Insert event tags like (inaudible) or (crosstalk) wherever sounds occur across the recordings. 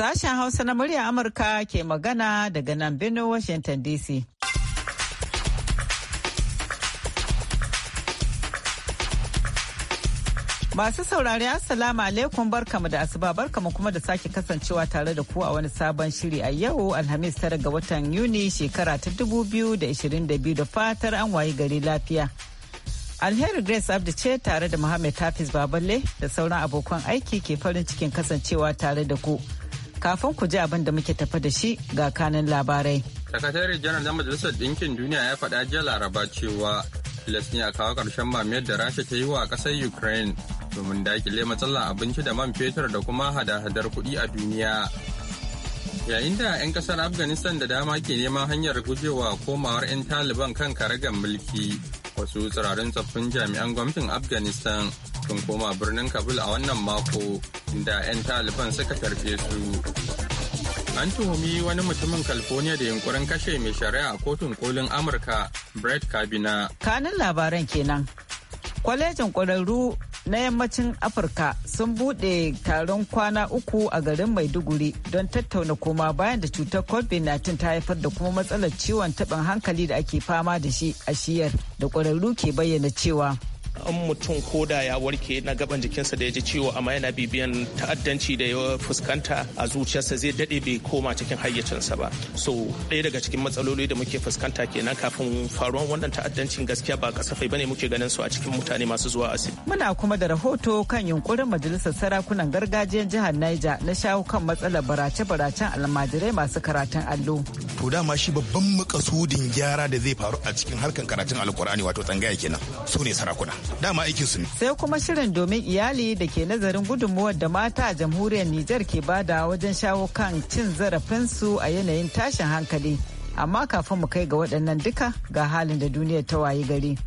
Sashen Hausa na murya Amurka ke magana daga nan Benue, Washington DC. Masu saurari Assalamu alaikum barkamu da asuba barkamu kuma da sake kasancewa tare da ku a wani sabon shiri a yau Alhamis tara ga watan Yuni shekara ta 2022 da fatar an wayi gari lafiya. Alheri Grace Abdi ce tare da Muhammad Hafiz Baballe da sauran abokan aiki ke farin cikin kasancewa tare da ku. Kafin ku ji abin da muke tafa da shi ga kanin labarai. Sakatare janar na Majalisar dinkin Duniya ya faɗa jiya Laraba cewa tilas a kawo ƙarshen mamiyar da Rasha ta yi wa ƙasar Ukraine domin dakile matsalar abinci da man fetur da kuma hada-hadar kuɗi a duniya. Yayin da 'yan ƙasar Afghanistan da dama ke neman hanyar gujewa komawar 'yan Taliban kan karagar mulki, wasu tsirarin tsoffin jami'an gwamnatin Afghanistan sun koma birnin Kabul a wannan mako da 'yan taliban suka karfe su an tuhumi wani mutumin california da yunkurin kashe mai shari'a a kotun kolin amurka brett kabina kanin labaran kenan kwalejin ƙwararru na yammacin afirka sun bude taron kwana uku a garin maiduguri don tattauna koma bayan da cutar covid-19 ta haifar da kuma matsalar ciwon taɓin hankali da ake fama da shi a shiyar da ƙwararru ke bayyana cewa an mutum ko da ya warke na gaban jikinsa da ya ji ciwo amma yana bibiyan ta'addanci da ya fuskanta a zuciyarsa zai daɗe bai koma cikin hayyacinsa ba so ɗaya daga cikin matsaloli da muke fuskanta kenan kafin faruwan wannan ta'addancin gaskiya ba kasafai bane muke ganin su a cikin mutane masu zuwa asibiti muna kuma da rahoto kan yunkurin majalisar sarakunan gargajiyar jihar Niger na shawo kan matsalar barace-baracen almajirai masu karatun allo to dama shi babban makasudin gyara da zai faru a cikin harkan karatun alkur'ani wato tsangaya kenan su ne sarakuna dama aikin su ne sai kuma shirin domin iyali da ke nazarin gudunmuwar da mata a jamhuriyar Nijar ke bada wajen shawo kan cin zarafin su a yanayin tashin hankali amma kafin mu kai ga waɗannan duka ga halin da duniyar ta wayi gari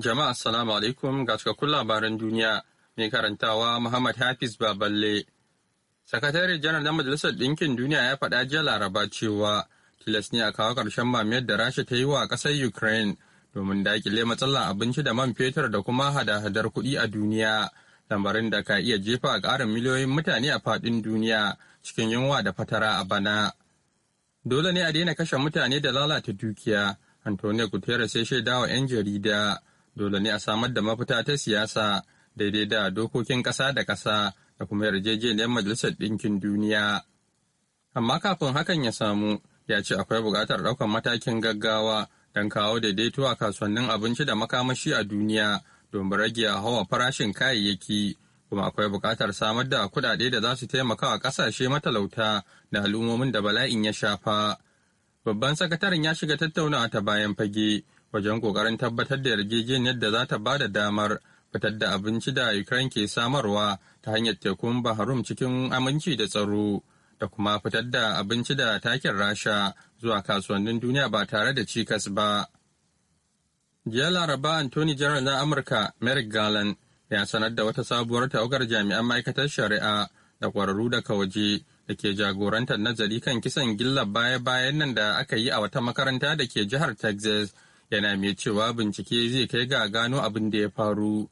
jama'a assalamu alaikum ga cikakkun labaran duniya mai karantawa muhammad hafiz baballe sakatare janar na majalisar ɗinkin duniya ya faɗa jiya laraba cewa tilas ne a kawo ƙarshen mamayar da rasha ta yi wa ƙasar ukraine domin daƙile matsalar abinci da man fetur da kuma hada-hadar kuɗi a duniya lambarin da ka iya jefa a ƙarin miliyoyin mutane a faɗin duniya cikin yunwa da fatara a bana dole ne a daina kashe mutane da lalata dukiya antonio guterres ya wa 'yan jarida dole ne a samar da mafita ta siyasa daidai da dokokin ƙasa da ƙasa da kuma yarjejeniyar majalisar ɗinkin duniya amma kafin hakan ya samu ya ce akwai buƙatar ɗaukar matakin gaggawa don kawo daidaito a kasuwannin abinci da makamashi a duniya domin rage hawa farashin kayayyaki kuma akwai buƙatar samar da kuɗaɗe da za su taimaka wa ƙasashe matalauta da al'ummomin da bala'in ya shafa. Babban sakataren ya shiga tattaunawa ta bayan fage wajen ƙoƙarin tabbatar da yarjejeniyar da za ta ba damar fitar da abinci da Ukraine ke samarwa ta hanyar tekun Baharum cikin aminci da tsaro. da kuma fitar da abinci da takin rasha zuwa kasuwannin duniya ba tare da cikas ba. Jiya Laraba Anthony General na Amurka Merrick Garland ya sanar da wata sabuwar tawagar jami'an ma'aikatar shari'a da kwararru daga waje da ke jagorantar nazari kan kisan gilla baya-bayan nan da aka yi a wata makaranta da ke jihar Texas yana mai cewa bincike zai kai ga gano abin da ya faru.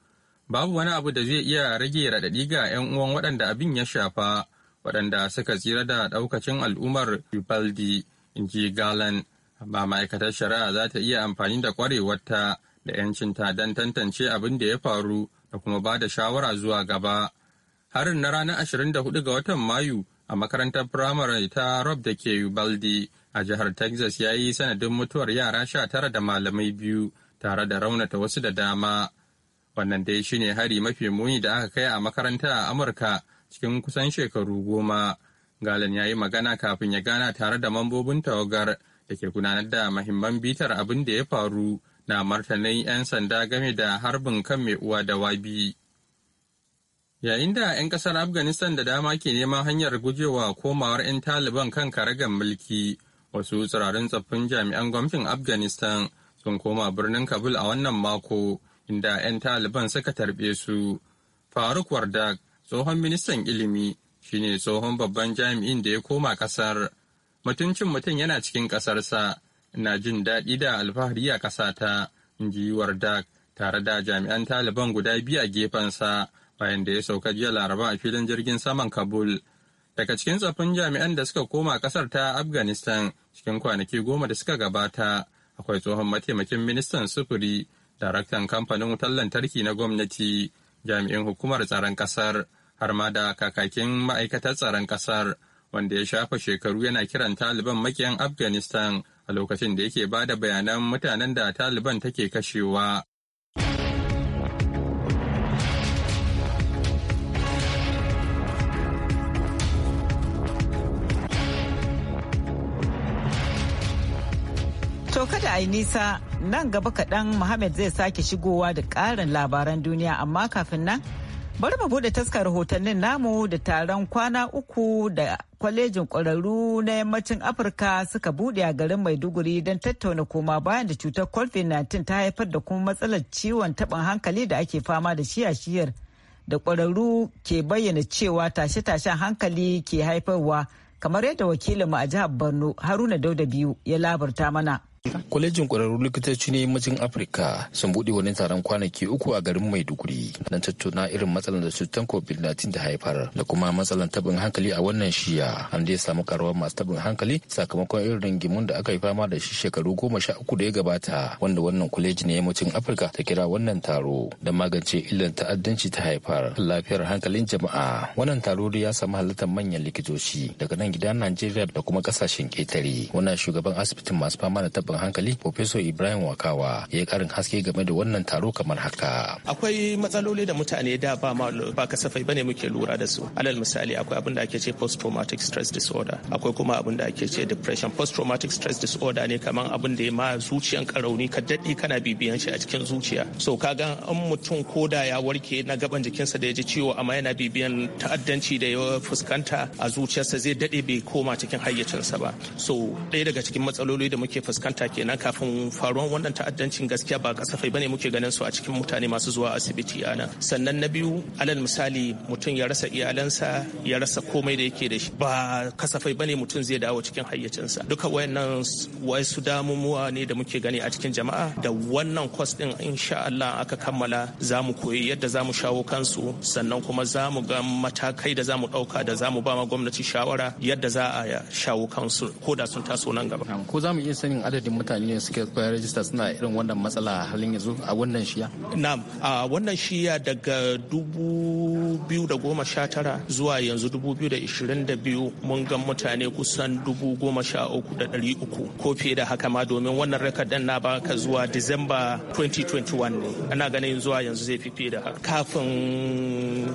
Babu wani abu da zai iya rage raɗaɗi ga 'yan uwan waɗanda abin ya shafa. waɗanda suka tsira da ɗaukacin al'ummar Ubaldi, inji ji Galan, amma ma'aikatar shari'a za ta iya amfani da ƙwarewarta da 'yancinta don tantance abin da ya faru da kuma ba da shawara zuwa gaba. Harin na ranar 24 ga watan Mayu a makarantar firamare ta Rob da ke Ubaldi a jihar Texas ya yi sanadin mutuwar yara sha tara da malamai biyu tare da raunata wasu da dama. Wannan dai shine hari mafi muni da aka kai a makaranta a Amurka cikin kusan shekaru goma. Galan ya yi magana kafin ya gana tare da mambobin tawagar da ke gudanar da mahimman bitar abin da ya faru na martanin 'yan sanda game da harbin kan mai uwa da wabi. Yayin da 'yan kasar Afghanistan da dama ke neman hanyar gujewa komawar 'yan Taliban kan karagar mulki, wasu tsirarin tsoffin jami'an gwamnatin Afghanistan sun koma birnin Kabul a wannan mako, inda 'yan Taliban suka tarbe su. Faruk Wardak, tsohon ministan ilimi shine tsohon babban jami'in da ya koma kasar mutuncin mutum yana cikin kasarsa ina jin daɗi da alfahari a ƙasata in ji wardak tare da jami'an taliban guda biyu a gefensa bayan da ya sauka jiya laraba a filin jirgin saman kabul daga cikin tsoffin jami'an da suka koma kasar ta afghanistan cikin kwanaki goma da suka gabata akwai tsohon mataimakin ministan sufuri daraktan kamfanin wutar lantarki na gwamnati jami'in hukumar tsaron kasar har ma da kakakin ma'aikatar tsaron ƙasar wanda ya shafa shekaru yana kiran taliban makiyan afghanistan a lokacin da yake ba da bayanan mutanen da taliban take kashewa To kada a yi nisa nan gaba kaɗan Muhammad zai sake shigowa da ƙarin labaran duniya amma kafin nan Bari mu bude taskar rahotannin namu da taron kwana uku da kwalejin ƙwararru na yammacin Afirka suka bude a garin Maiduguri don tattauna koma bayan da cutar COVID-19 ta haifar da kuma matsalar ciwon taɓin hankali da ake fama da shi a shiyar da kwararru ke bayyana cewa tashe-tashen hankali ke haifarwa kamar yadda wakilinmu a jihar Borno Haruna Dauda biyu ya labarta mana. Kwalejin kwararru likitoci na yammacin Afirka sun buɗe wani taron kwanaki uku a garin Maiduguri don tattauna irin matsalar da cutar COVID-19 ta haifar da kuma matsalar tabin hankali a wannan shiya. An dai samu karuwar masu tabin hankali sakamakon irin rigimun da aka yi fama da shi shekaru goma sha uku da ya gabata wanda wannan kwaleji na yammacin Afirka ta kira wannan taro Da magance illar ta'addanci ta haifar lafiyar hankalin jama'a. Wannan taro ya samu halartar manyan likitoci daga nan gidan Najeriya da kuma kasashen ƙetare. Wannan shugaban asibitin masu fama da tabin taɓin hankali Profesor Ibrahim Wakawa ya yi karin haske game da wannan taro kamar haka. Akwai matsaloli da mutane da ba ma ba kasafai bane muke lura da su. Alal misali akwai abin da ake ce post traumatic stress disorder. Akwai kuma abin da ake ce depression. Post traumatic stress disorder ne kamar abin da ya ma zuciyan karauni ka daɗi kana bibiyan shi a cikin zuciya. So ka ga an mutum ko da ya warke na gaban jikinsa da ya ji ciwo amma yana bibiyan ta'addanci da ya fuskanta a zuciyarsa zai daɗe bai koma cikin hayyacinsa ba. So ɗaya daga cikin matsaloli da muke fuskanta wata kenan kafin faruwan wannan ta'addancin gaskiya ba kasafai bane muke ganin su a cikin mutane masu zuwa asibiti ana sannan na biyu alal misali mutum ya rasa iyalansa ya rasa komai da yake da shi ba kasafai bane mutum zai dawo cikin hayyacinsa duka wayannan wasu damumuwa ne da muke gani a cikin jama'a da wannan kwas din insha Allah aka kammala za mu koyi yadda za mu shawo kansu sannan kuma za mu ga matakai da za mu ɗauka da za mu ba ma gwamnati shawara yadda za a shawo kansu ko da sun taso nan gaba ko za mu iya sanin adadin cikin mutane ne suke rajista suna irin wannan matsala halin yanzu a wannan shiya? Na'am, a wannan shiya daga dubu biyu da goma sha tara zuwa yanzu dubu biyu da ishirin da biyu mun ga mutane kusan dubu goma sha uku da dari uku ko fiye da haka ma domin wannan rekod din na baka zuwa Disamba 2021 ne. Ana ganin zuwa yanzu zai fi fiye da haka. Kafin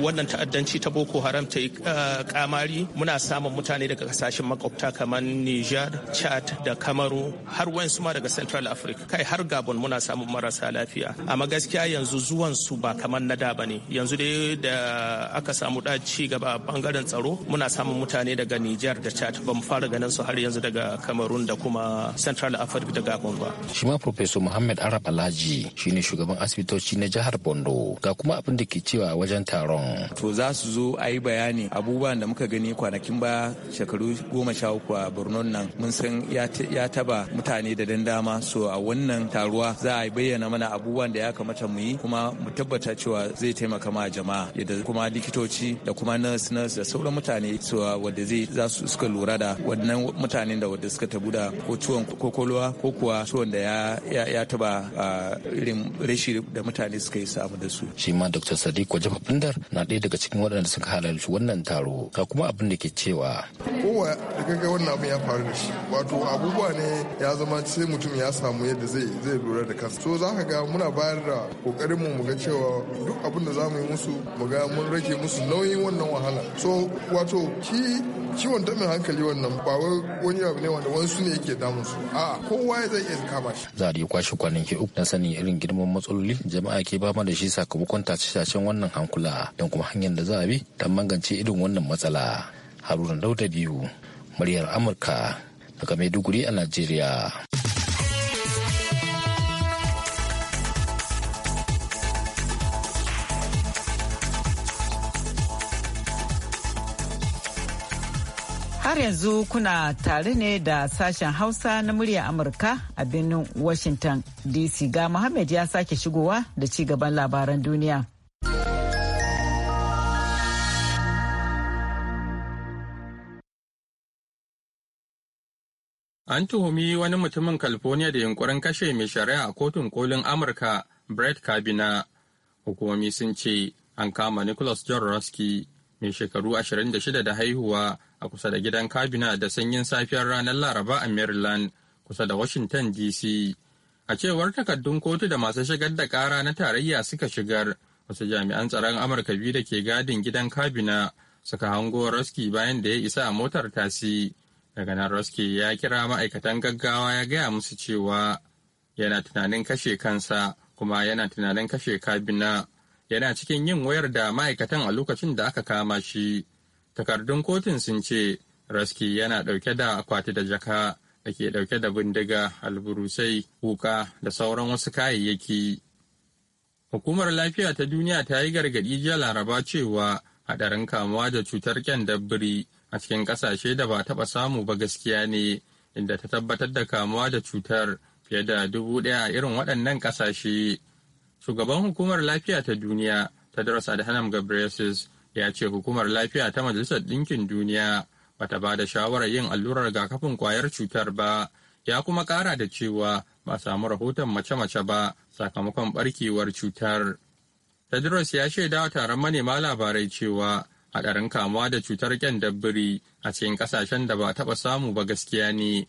wannan ta'addanci ta Boko Haram ta yi kamari muna samun mutane daga kasashen makwabta kamar Nijar, Chad da Kamaru kamaru har wayansu ma daga central africa kai har gabon muna samun marasa lafiya amma gaskiya yanzu zuwan su ba kamar na da bane yanzu dai da aka samu da ci gaba a bangaren tsaro muna samun mutane daga niger da chad ba mu fara ganin su har yanzu daga cameroon da kuma central africa da gabon ba shi ma professor muhammad arab alhaji shine shugaban asibitoci na jihar bondo ga kuma abin da ke cewa wajen taron to za su zo a yi bayani abubuwan da muka gani kwanakin ba shekaru goma sha uku a borno nan mun san ya ta raba mutane da dan dama so a wannan taruwa za a bayyana mana abubuwan da ya kamata mu yi kuma mu tabbata cewa zai taimaka ma jama'a yadda kuma likitoci da kuma nurse nurse da sauran mutane so wanda zai za su suka lura da wannan mutanen da wanda suka tabu da ko ciwon kokolowa ko kuwa ciwon da ya ya taba irin rashi da mutane suka yi samu da su shi ma Dr. Sadiq wajen Bandar na ɗaya daga cikin waɗanda suka halarci wannan taro ga kuma abin da ke cewa kowa da kaga wannan abin ya faru da shi wato abubuwa ne ne ya zama sai mutum ya samu yadda zai zai lura da kansa so za ka ga muna bayar da kokarin mu ga cewa duk abin da za mu yi musu mu ga mun rage musu nauyin wannan wahala so wato ki ciwon hankali wannan ba wani abu ne wanda wani ne yake damun su a kowa ya zai iya kama shi za a kwashe kwanaki uku na sanin irin girman matsaloli jama'a ke ba da shi sakamakon tashe-tashen wannan hankula don kuma hanyar da za a bi don magance irin wannan matsala haruna dauda biyu muryar amurka daga Maiduguri a Najeriya. Har yanzu kuna tare ne da sashen Hausa na murya Amurka a birnin Washington DC ga Muhammad ya sake shigowa da ci gaban labaran duniya. An tuhumi wani mutumin California da yunkurin kashe mai shari'a a kotun kolin Amurka Brett Kabina. Hukumomi sun ce an kama Nicholas John Roski mai shekaru 26 da haihuwa a kusa da gidan kabina da sanyin safiyar ranar Laraba a Maryland kusa da Washington DC. A cewar takardun kotu da masu shigar da kara na tarayya suka shigar wasu jami'an tsaron Amurka biyu da ke gadin gidan kabina suka hango Roski bayan da ya isa a motar tasi. Daga nan Roski ya kira ma'aikatan gaggawa ya gaya musu cewa yana tunanin kashe kansa kuma yana tunanin kashe kabina yana cikin yin wayar da ma'aikatan a lokacin da aka kama shi. Takardun kotun sun ce Roski yana ɗauke da akwati da jaka da ke ɗauke da bindiga, alburusai, wuka da sauran wasu kayayyaki. Hukumar lafiya ta duniya ta yi gargaɗi jiya laraba cewa haɗarin kamuwa da cutar ƙyan dabbiri a cikin ƙasashe da ba taɓa samu ba gaskiya ne inda ta tabbatar da kamuwa da cutar fiye da dubu ɗaya a irin waɗannan ƙasashe. Shugaban hukumar lafiya ta duniya ta Tedros Adhanom Ghebreyesus ya ce hukumar lafiya ta Majalisar Ɗinkin Duniya bata ba da shawarar yin allurar rigakafin kwayar cutar ba ya kuma ƙara da cewa ba samu rahoton mace-mace ba sakamakon barkewar cutar. Tedros ya shaida wa taron manema labarai cewa haɗarin kamuwa da cutar dabbiri a cikin ƙasashen da ba taɓa samu ba gaskiya ne.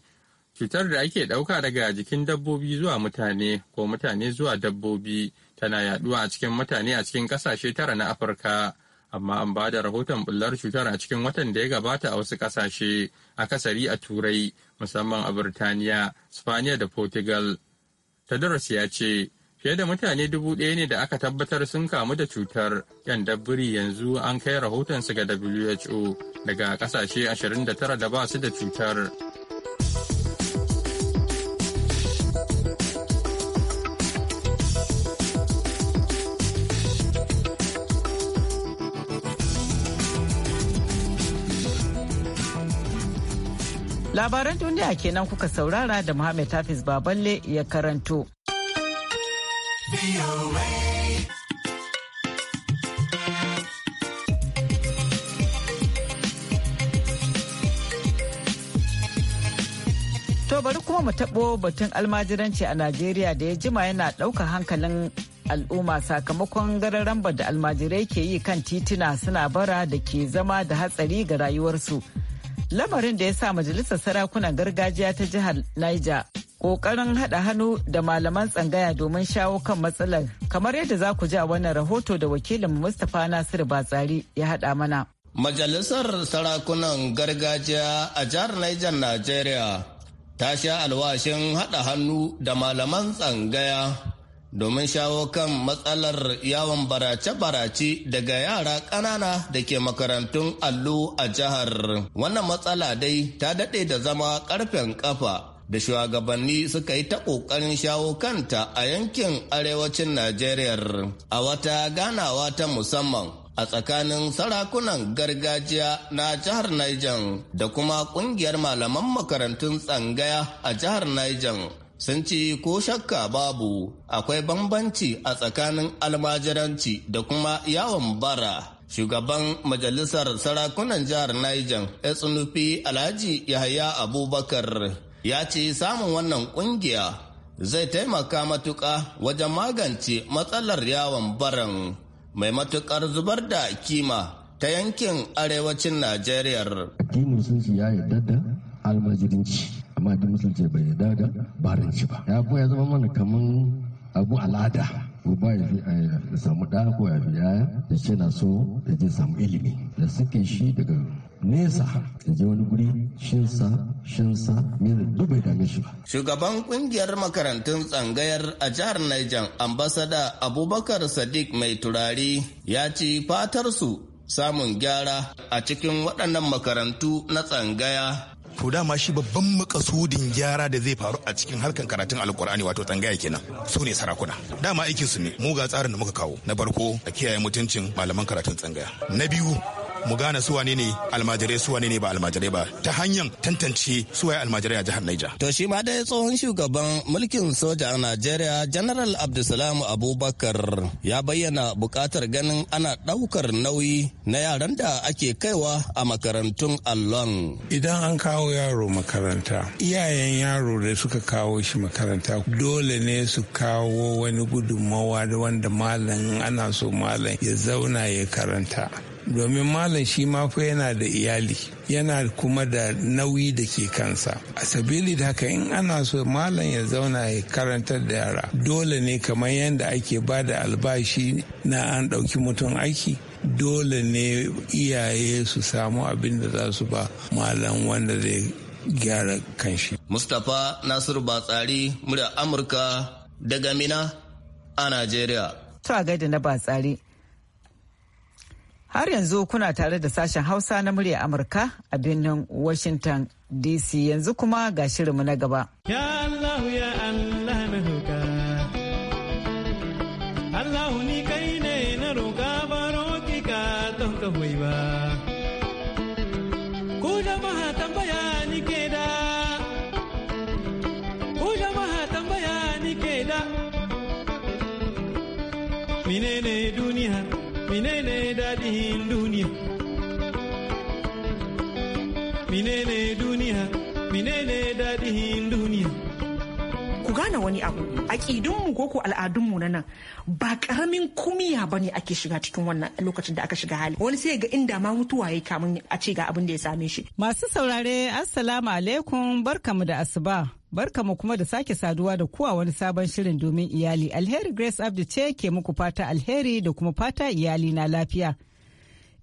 Cutar da ake ɗauka daga jikin dabbobi zuwa mutane ko mutane zuwa dabbobi tana yaɗuwa a cikin mutane a cikin ƙasashe tara na Afirka. Amma an ba da rahoton bullar cutar a cikin watan da ya gabata a wasu ƙasashe, kasari a Turai, musamman a Birtaniya, Spaniya da Portugal. Tedros ya ce, Fiye da mutane dubu ɗaya ne da aka tabbatar sun kamu da cutar yan dabbiri yanzu an kai rahotonsu ga WHO daga ƙasashe 29 da ba su da cutar. Labaran duniya kenan kuka saurara da Muhammad Hafiz Baballe ya karanto. To bari kuma mu taɓo batun almajiranci a Najeriya da ya jima yana ɗauka hankalin al'umma sakamakon gararamba da almajirai ke yi kan tituna suna bara da ke zama da hatsari ga rayuwarsu. Lamarin da ya sa Majalisar Sarakunan Gargajiya ta Jihar Niger kokarin haɗa hannu da malaman tsangaya domin shawo kan matsalar kamar yadda za ku ji a wannan rahoto da wakilin mustapha nasiru batsari ya haɗa mana majalisar sarakunan gargajiya a jihar niger nigeria ta sha alwashin haɗa hannu da malaman tsangaya domin shawo kan matsalar yawon barace-barace daga yara ƙanana da ke makarantun allo a jihar. Wannan matsala dai ta daɗe da zama ƙarfen ƙafa da shugabanni suka yi ta ƙoƙarin shawo kanta a yankin arewacin Najeriya a wata ganawa ta musamman a tsakanin sarakunan gargajiya na jihar Niger da kuma ƙungiyar malaman makarantun tsangaya a jihar Niger sun ci ko shakka babu akwai bambanci a tsakanin almajiranci da kuma yawon bara. Shugaban Majalisar Sarakunan Jihar Niger, Esunufi Alhaji Yahaya Abubakar ya ce samun wannan kungiya zai taimaka matuƙa wajen magance matsalar yawon baran mai matukar zubar da kima ta yankin arewacin Najeriya. Addinin musulunci ya yarda da almajirinci amma addinin musulunci bai yarda da baranci ba. Ya ya zama mana kaman abu al'ada. ba eh, ya samu ɗa ko ya yaya da ce na so ya je samu ilimi da suke shi daga nesa je wani guri shinsa shinsa mil dubai da mishi ba. Shugaban kungiyar makarantun tsangayar a jihar Niger ambasada Abubakar Sadiq mai turari ya ci fatar su samun gyara a cikin waɗannan makarantu na tsangaya to dama shi babban makasudin gyara da zai faru a cikin harkar karatun alkur'ani wato tsangaya kenan su ne sarakuna dama aikinsu ne mu ga tsarin da muka kawo na farko a kiyaye mutuncin malaman karatun tsangaya na biyu mu gane su wane ne almajirai su wane ne ba almajirai ba ta hanyar tantance su wai almajirai a jihar Niger. To shi ma dai tsohon shugaban mulkin soja a Najeriya General Abdulsalam Abubakar ya bayyana bukatar ganin ana ɗaukar nauyi na yaran da ake kaiwa a makarantun allon. Idan an kawo yaro makaranta, iyayen yaro da suka kawo shi makaranta dole ne su kawo wani gudunmawa da wanda malam ana so malam ya zauna ya karanta. domin malam shi ma fa yana da iyali yana kuma da nauyi da ke kansa a sabili da haka in ana so malam ya zauna ya karanta da yara dole ne kamar yadda ake ba da albashi na an ɗauki mutum aiki dole ne iyaye su samu abin da za su ba malam wanda zai gyara kanshi. Mustapha Nasiru Batsari murya Amurka daga Mina a Najeriya. To a gaida na Batsari. Har yanzu kuna tare da sashen Hausa na murya Amurka a birnin Washington DC yanzu kuma ga shirinmu na gaba. Ya menene daɗin duniya ku gane wani abu aƙidunmu ko ko al'adunmu na nan ba ƙaramin kumiya ba ne ake shiga cikin wannan lokacin da aka shiga hali wani sai ga inda ma mutuwa ya kamun a ce ga abin da ya same shi masu saurare assalamu alaikum barkamu da asuba barkamu kuma da sake saduwa da kuwa wani sabon shirin domin iyali alheri grace abdi ce ke muku fata alheri da kuma fata iyali na lafiya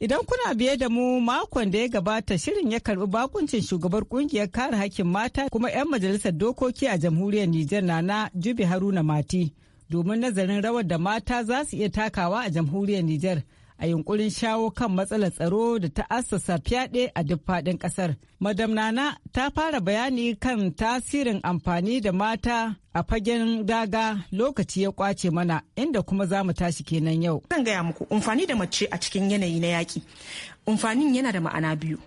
Idan kuna biye da mu makon da ya gabata shirin ya karbi bakuncin shugabar kungiyar kare hakkin mata kuma 'yan majalisar dokoki a jamhuriyar Nijar na na Jubi Haruna Mati domin nazarin rawar da mata za su iya takawa a jamhuriyar Nijar. a yunkurin shawo kan matsalar tsaro da ta assasa fyaɗe a duk faɗin ƙasar. Madam Nana ta fara bayani kan tasirin amfani da mata a fagen daga lokaci ya kwace mana inda kuma za mu tashi kenan yau. Zan gaya muku amfani da mace a cikin yanayi na yaƙi. Amfanin yana da ma'ana biyu.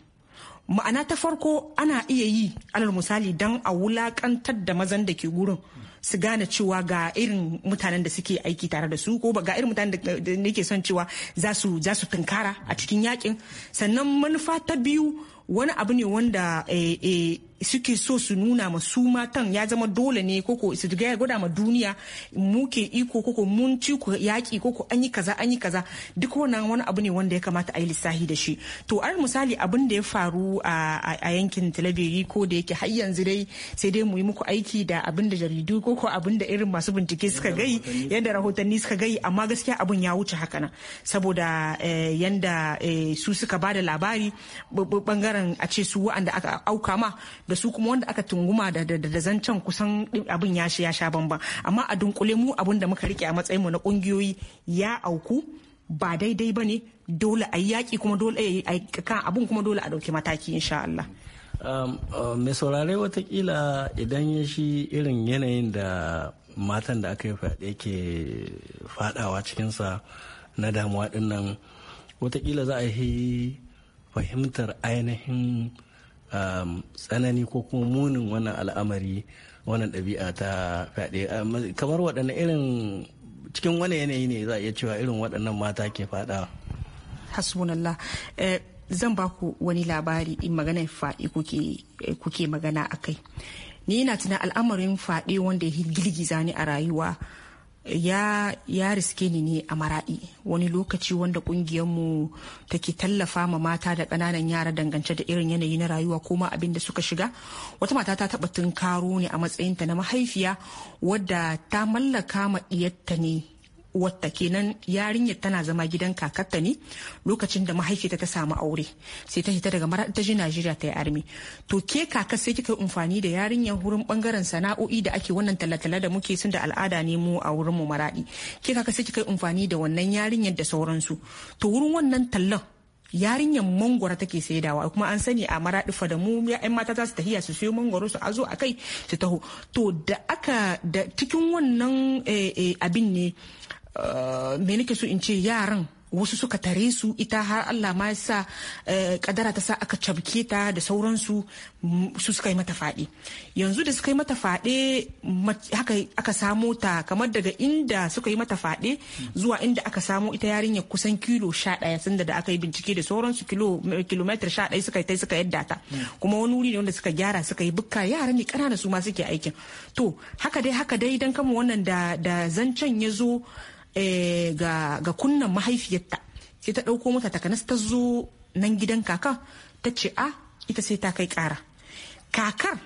Ma'ana ta farko ana iya yi alal misali don a wulaƙantar da mazan da ke gurin. su gane cewa ga irin mutanen da suke aiki tare da su ko ba ga irin mutanen da nake son cewa za su za su tunkara a cikin yakin sannan manufa ta biyu wani abu ne wanda eh, eh, suke so su nuna ma su matan ya zama dole ne koko su ga gwada ma duniya muke iko koko mun ci ku yaki koko an yi kaza an yi kaza duk wannan wani abu ne wanda ya kamata a yi lissahi da shi to al misali abin da ya faru a yankin talabiri ko da yake har yanzu dai sai dai mu yi muku aiki da abin da jaridu koko abin da irin masu bincike suka gai yadda rahotanni suka gai amma gaskiya abin ya wuce haka nan saboda eh, yanda eh, su suka ba da labari bangaren a ce su wa'anda aka auka ma da su kuma wanda aka tunguma da da zancen kusan abin ya ya sha bamban amma a dunkule mu abin da muka rike a matsayin mu na kungiyoyi ya auku ba daidai ba ne dole a yaƙi kuma dole a kan abin kuma dole a ɗauki mataki insha Allah. Um, uh, mai saurare watakila idan ya shi irin yanayin da matan da aka yi fyaɗe ke faɗawa cikinsa na damuwa ɗin watakila za a yi fahimtar ainihin Um, tsanani ko kuma munin wannan al'amari wannan ɗabi'a ta fyaɗe um, kamar waɗanne irin cikin wani yanayi ne za a iya cewa irin waɗannan mata ke faɗa hasbunallah eh, zan ba ku wani labari in magana faɗi eh, kuke magana akai ni na tunan al'amarin faɗi wanda ya girgiza ni a rayuwa ya ya riske ni ne a maraɗi wani lokaci wanda mu take tallafa ma mata da ƙananan yara dangance da irin yanayi na rayuwa ko ma abin da suka shiga wata mata ta taɓa tunkaro ne a matsayinta na mahaifiya wadda ta mallaka ma ɗiyarta ne uwarta kenan yarinyar tana zama gidan kakarta ne lokacin da mahaifiyarta ta samu aure sai ta hita daga mara ta ji Najeriya ta yi armi to ke kaka sai kika yi amfani da yarinyar wurin bangaren sana'o'i da ake wannan talatala da muke sun da al'ada ne mu a wurin mu maradi ke kaka sai kika yi amfani da wannan yarinyar da sauransu to wurin wannan tallan yarinyar mangwara take saidawa kuma an sani a maraɗi da mu yan mata za su tahiya su siyo mangwaro su azo a kai su taho to da aka da cikin wannan eh, eh, abin ne Eh, me nake so in ce yaran wasu suka tare su ita har Allah ma sa eh, kadara ta sa aka cabke ta da sauransu mm, su suka yi mata fade yanzu da suka yi mata fade haka aka samo ta kamar daga inda suka yi mata fade zuwa inda aka samo ita yarinyar kusan kilo sha daya sanda da aka yi bincike da sauransu eh, kilometer sha daya suka yi suka yadda ta kuma wani wuri ne wanda suka gyara suka yi bukka yara ne kanana su ma suke aikin to haka dai haka dai dan kama wannan da zancen ya zo Eh, ga kunnan mahaifiyarta sai ta ɗauko mata takanas ta zo nan gidan kaka ta ce a ah, ita sai ta kai ƙara kakar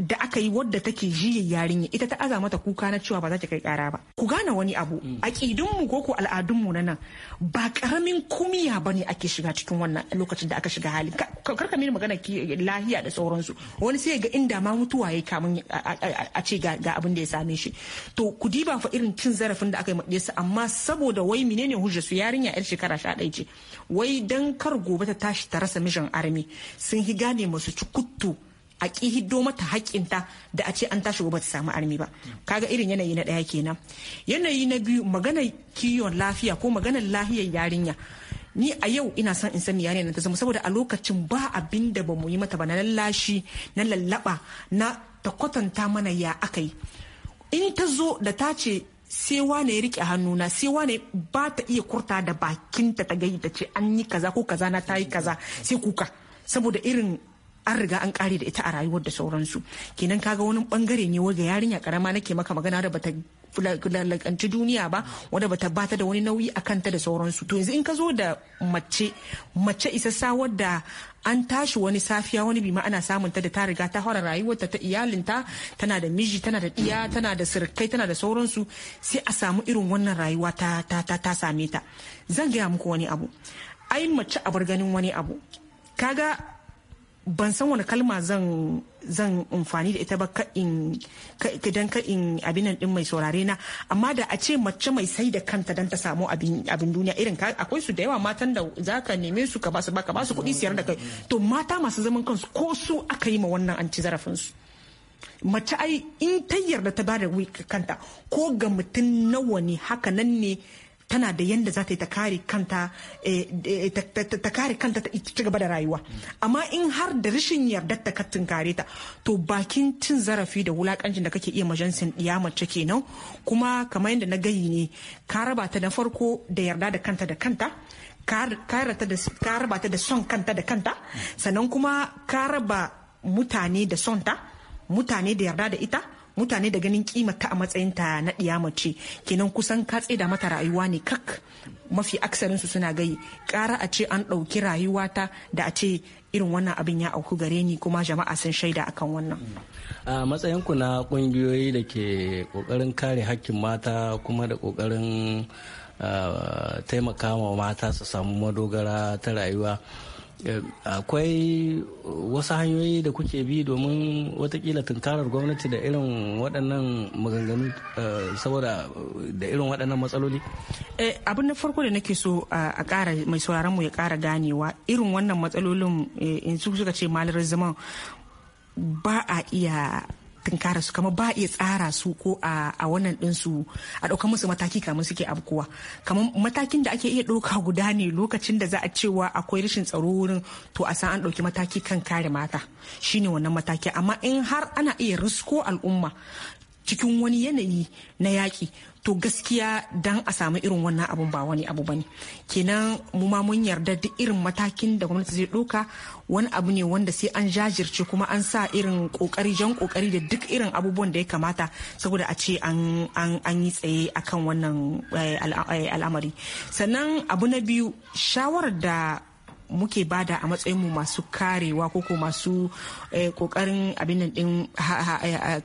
da aka yi wadda take jiya yarinya ita ta aza mata kuka na cewa ba za ta kai kara ba ku gane wani abu a mm. aƙidunmu ko ko al'adunmu na nan ba karamin kumiya ba ne ake shiga cikin wannan lokacin da aka shiga hali karka mini magana lahiya da sauransu wani sai ga inda ma mutuwa ya kamun a ce ga abin da ya same shi to ku diba fa irin cin zarafin da aka yi su amma saboda wai menene hujja su yarinya yar shekara sha ce wai dan kar gobe ta tashi ta rasa mijin armi sun hi ne masu cukuttu a ƙi hiddo mata haƙƙinta da a ce an tashi ba ta samu armi ba kaga irin yanayi na ɗaya kenan yanayi na biyu maganar kiwon lafiya ko maganar lahiyar yarinya ni a yau ina son in san yarinya ta zama saboda a lokacin ba abin da ba mu yi mata ba na lallashi na lallaba na ta kwatanta mana ya aka yi in ta zo da ta ce sai wane ya rike hannuna sai wane ba ta iya kurta da bakinta ta gayyata ce an yi kaza ko kaza na ta yi kaza sai kuka saboda irin an riga an kare da ita a rayuwar da sauransu kenan kaga wani bangare ne wanda yarinya karama nake maka magana da bata lakanci duniya ba wanda bata bata da wani nauyi a kanta da sauransu to yanzu in ka zo da mace mace isa isassa wadda an tashi wani safiya wani bima ana samun ta da ta riga ta fara rayuwarta ta iyalinta tana da miji tana da iya tana da sirkai tana da sauransu sai a samu irin wannan rayuwa ta ta ta, ta same ta zan gaya muku wani abu ai mace a bar ganin wani abu kaga ban san wani kalma zan zan amfani da ita ba ka in abinan abin nan din mai saurare na amma da a ce mace mai sai da kanta dan ta samu abin duniya irin ka akwai su da yawa matan da zaka neme su ka basu baka ba su kuɗi siyar da kai to mata masu zaman kansu ko su aka yi ma wannan an ci zarafin su mace ai in ta yarda ta bada kanta ko ga mutum nawa ne haka nan ne tana da yadda za ta yi ta kare kanta eh, eh, ta kare kanta ci gaba da rayuwa amma in har da rashin yardar ta kattin kare ta to bakin cin zarafi da wulakancin da kake iya majansin mace kenan kuma kamar yadda na gayi ne ka raba ta na farko da yarda da kanta da kanta ka raba ta da son kanta da kanta sannan kuma ka raba mutane da sonta mutane da yarda da ita mutane da ganin kimar a matsayin ta na ɗiya mace kenan kusan ka da mata rayuwa ne kak mafi aksarinsu suna gai kara a ce an ɗauki rayuwata da a ce irin wannan abin ya auku gare ni kuma jama'a sun shaida akan wannan a matsayin ku na kungiyoyi da ke kokarin kare hakkin mata kuma da kokarin ah, taimaka wa mata su samu madogara ta rayuwa Eh, akwai wasu hanyoyi da kuke bi domin watakila tunkarar gwamnati da irin waɗannan maganganu eh, saboda eh, da irin waɗannan matsaloli abin na farko da nake so a ƙara mai sauraron mu ya ƙara ganewa irin wannan matsalolin in suka ce malar zaman ba a iya tunkara su kamar ba iya tsara su ko a wannan ɗinsu a ɗauka musu mataki kamar suke abkuwa kamar matakin da ake iya ɗauka (laughs) guda ne lokacin da za a cewa akwai rashin tsaro wurin to a san an ɗauki mataki kan kare mata shine wannan mataki amma in har ana iya risko al'umma cikin wani yanayi na yaƙi to gaskiya dan a samu irin wannan abun ba wani abu bane kenan mu ma mun yarda duk irin matakin da gwamnati zai doka wani abu ne wanda sai an jajirce kuma an sa irin kokari jan kokari da duk irin abubuwan da ya kamata saboda a ce an yi tsaye akan wannan eh, eh, al'amari sannan abu na biyu shawarar da muke bada a matsayin mu masu karewa ko ko masu kokarin eh, abin din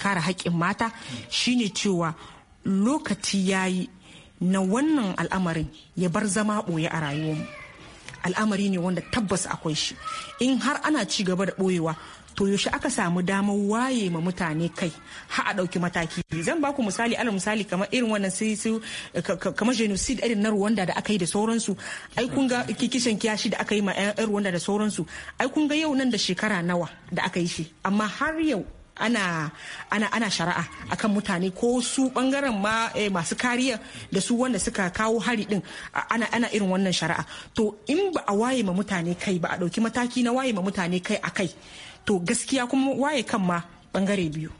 kare haƙƙin mata shine cewa lokaci ya yi na wannan al'amarin ya bar zama ɓoye a rayuwar mu al'amari ne wanda tabbas akwai shi in har ana ci gaba da ɓoyewa to yaushe aka samu damar waye ma mutane kai ha a ɗauki mataki zan baku misali alal misali kamar irin wannan sai su kamar genocide irin na Rwanda da aka yi da sauransu ai kun ga kikishin kiyashi da aka yi ma yan Rwanda da sauransu ai kun ga yau nan da shekara nawa da aka yi shi amma har yau ana ana ana shari'a akan mutane ko su bangaren ma eh, masu kariya da su wanda suka kawo hari din ana ana irin wannan shari'a to in ba a waye ma mutane kai ba a ɗauki mataki na waye ma mutane kai a kai to gaskiya kuma waye kan ma bangare biyu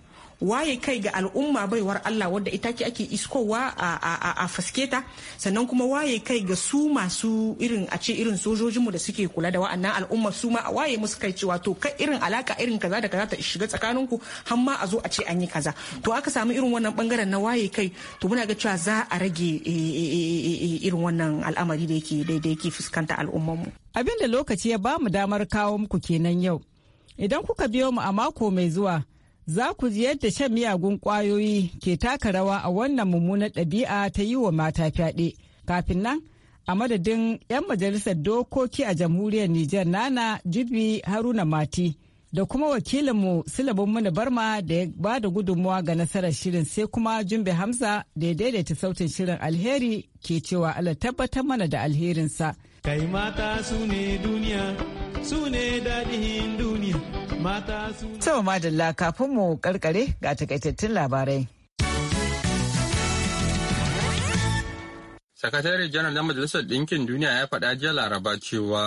waye kai ga al'umma baiwar Allah wadda ita ke ake iskowa a fasketa sannan kuma waye kai ga su masu irin a ce irin sojojinmu da suke kula da wa'annan al'umma su ma waye musu kai cewa to kai irin alaka irin kaza da kaza ta shiga tsakaninku har ma a zo a ce an yi kaza to aka samu irin wannan bangaren na waye kai to muna ga cewa za a rage e, e, e, irin wannan al'amari da yake da yake fuskanta al'ummarmu abin da lokaci ya ba mu damar kawo muku kenan yau idan kuka biyo mu a mako mai zuwa za ku ji yadda shan miyagun kwayoyi ke taka rawa a wannan mummunar ɗabi'a ta yi wa mata fyaɗe. Kafin nan, a madadin 'yan majalisar dokoki a jamhuriyar Nijar Nana Jibi Haruna Mati da kuma wakilinmu Silabin Muna Barma da ya ba da gudunmuwa ga nasarar shirin sai kuma Jumbe Hamza da ya daidaita sautin shirin alheri ke cewa Allah tabbatar mana da alherinsa. kai mata su ne duniya su ne daɗin duniya mata su ne. sama madalla kafin mu karkare ga takaitattun labarai. Sakatare janar na Majalisar Ɗinkin Duniya ya faɗa jiya Laraba cewa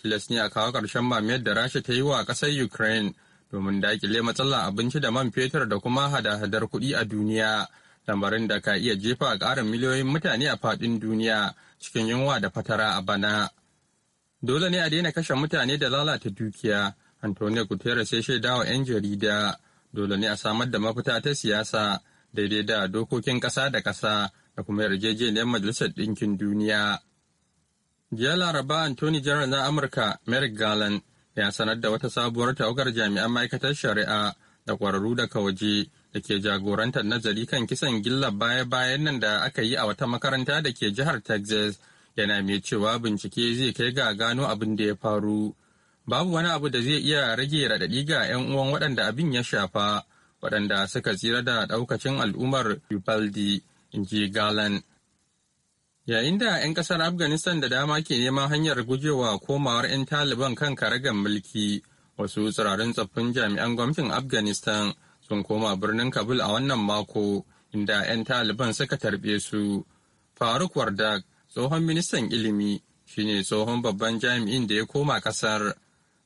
tilas ne a kawo ƙarshen mamiyar da Rasha ta yi wa ƙasar Ukraine domin daƙile matsalar abinci da man fetur da kuma hada-hadar kuɗi a duniya. lamarin da ka iya jefa ƙarin miliyoyin mutane a faɗin duniya cikin yunwa da fatara a bana. Dole ne a daina kashe mutane da lalata dukiya, Antonio Guterres ya shaida wa 'yan jarida. Dole ne a samar da mafita ta siyasa daidai da dokokin ƙasa da ƙasa da kuma yarjejeniyar Majalisar Ɗinkin Duniya. Jiya Laraba Anthony General na Amurka Merrick Garland ya sanar da wata sabuwar tawagar jami'an ma'aikatar shari'a da ƙwararru daga waje da ke jagorantar nazari kan kisan gilla baya-bayan nan da aka yi a wata makaranta da ke jihar Texas yana mai cewa bincike zai kai ga gano abin da ya faru. Babu wani abu da zai iya rage raɗaɗi ga 'yan uwan waɗanda abin ya shafa, waɗanda suka tsira da ɗaukacin al'ummar Ubaldi, in Galan. Yayin da 'yan ƙasar Afghanistan da dama ke neman hanyar gujewa komawar 'yan Taliban kan karagar mulki, wasu tsirarin tsoffin jami'an gwamnatin Afghanistan sun koma birnin Kabul a wannan mako inda 'yan taliban suka tarbe su. Faruk Wardak, tsohon ministan ilimi, shine tsohon babban jami'in da ya koma kasar.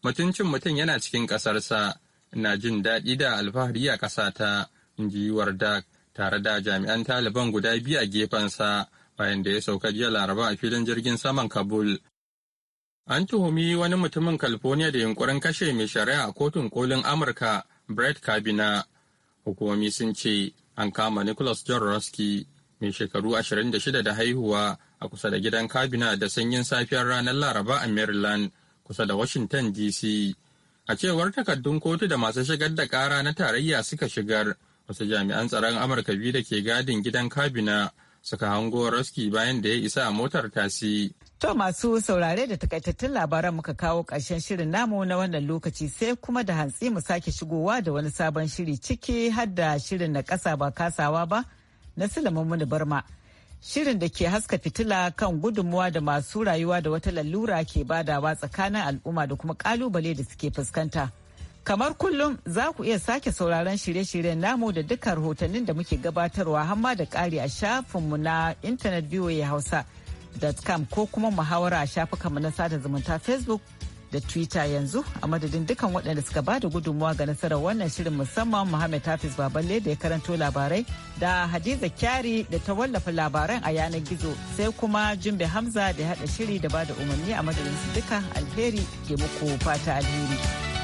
Mutuncin mutum yana cikin kasarsa, ina jin daɗi da alfahari a ƙasata, in ji Wardak tare da jami'an taliban guda biyu a gefensa bayan da ya sauka jiya laraba a filin jirgin saman Kabul. An tuhumi wani mutumin California da yunkurin kashe mai shari'a a kotun kolin Amurka, Brett Kavanaugh. hukumomi sun ce an kama nicholas john roski mai shekaru 26 da haihuwa a kusa da gidan kabina da sanyin safiyar ranar laraba a maryland kusa da washington dc a cewar takardun kotu da masu shigar da kara na tarayya suka shigar wasu jami'an tsaron amurka biyu da ke gadin gidan kabina suka hango roski bayan da ya isa a motar tasi To masu saurare da takaitattun labaran muka kawo ƙarshen shirin namu na wannan lokaci sai kuma da hantsi mu sake shigowa da wani sabon shiri ciki har da shirin na ƙasa ba kasawa ba na Sulaiman Muni Barma. Shirin da ke haska fitila kan gudunmuwa da masu rayuwa da wata lalura ke badawa tsakanin al'umma da kuma ƙalubale da suke fuskanta. Kamar kullum za ku iya sake sauraron shirye-shiryen namu da dukkan rahotannin da muke gabatarwa hamma da ƙari a shafinmu na intanet ya Hausa. facebook.com ko kuma muhawara a mu na sada zumunta facebook da twitter yanzu a madadin dukkan waɗanda suka ba da gudunmuwa ga nasarar wannan shirin musamman muhammad tafis baballe da ya karanto labarai da hadiza kyari da ta wallafa labaran a yanar gizo sai kuma jimbe hamza da ya haɗa shiri da ba da umarni a madadin su duka alheri ke muku fata alheri.